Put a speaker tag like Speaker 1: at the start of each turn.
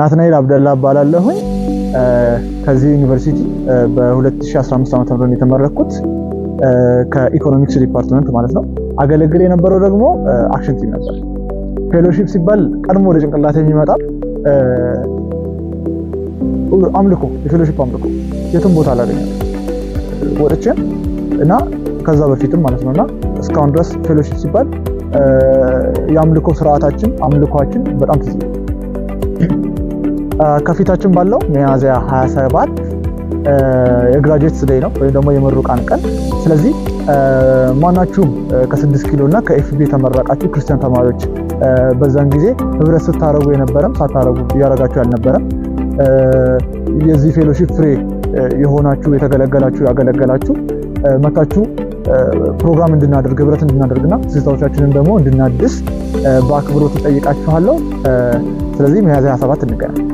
Speaker 1: ናትናኤል አብደላ እባላለሁኝ። ከዚህ ዩኒቨርሲቲ በ2015 ዓ ም የተመረኩት ከኢኮኖሚክስ ዲፓርትመንት ማለት ነው። አገለግል የነበረው ደግሞ አክሽን ቲም ነበር። ፌሎሺፕ ሲባል ቀድሞ ወደ ጭንቅላት የሚመጣ አምልኮ፣ የፌሎሺፕ አምልኮ የትም ቦታ አላገኘም ወጥቼ እና ከዛ በፊትም ማለት ነው እና እስካሁን ድረስ ፌሎሺፕ ሲባል የአምልኮ ስርዓታችን አምልኳችን በጣም ትዝ ከፊታችን ባለው ሚያዝያ 27 የግራጁዌትስ ስደይ ነው ወይም ደግሞ የምሩቃን ቀን። ስለዚህ ማናችሁም ከ6 ኪሎ እና ከኤፍቢ የተመረቃችሁ ክርስቲያን ተማሪዎች በዛን ጊዜ ህብረት ስታረጉ የነበረም ሳታረጉ እያረጋችሁ ያልነበረም የዚህ ፌሎሺፕ ፍሬ የሆናችሁ የተገለገላችሁ ያገለገላችሁ መታችሁ ፕሮግራም እንድናደርግ ህብረት እንድናደርግና ስታዎቻችንን ደግሞ እንድናድስ በአክብሮት እጠይቃችኋለሁ። ስለዚህ ሚያዝያ 27 እንገናኝ።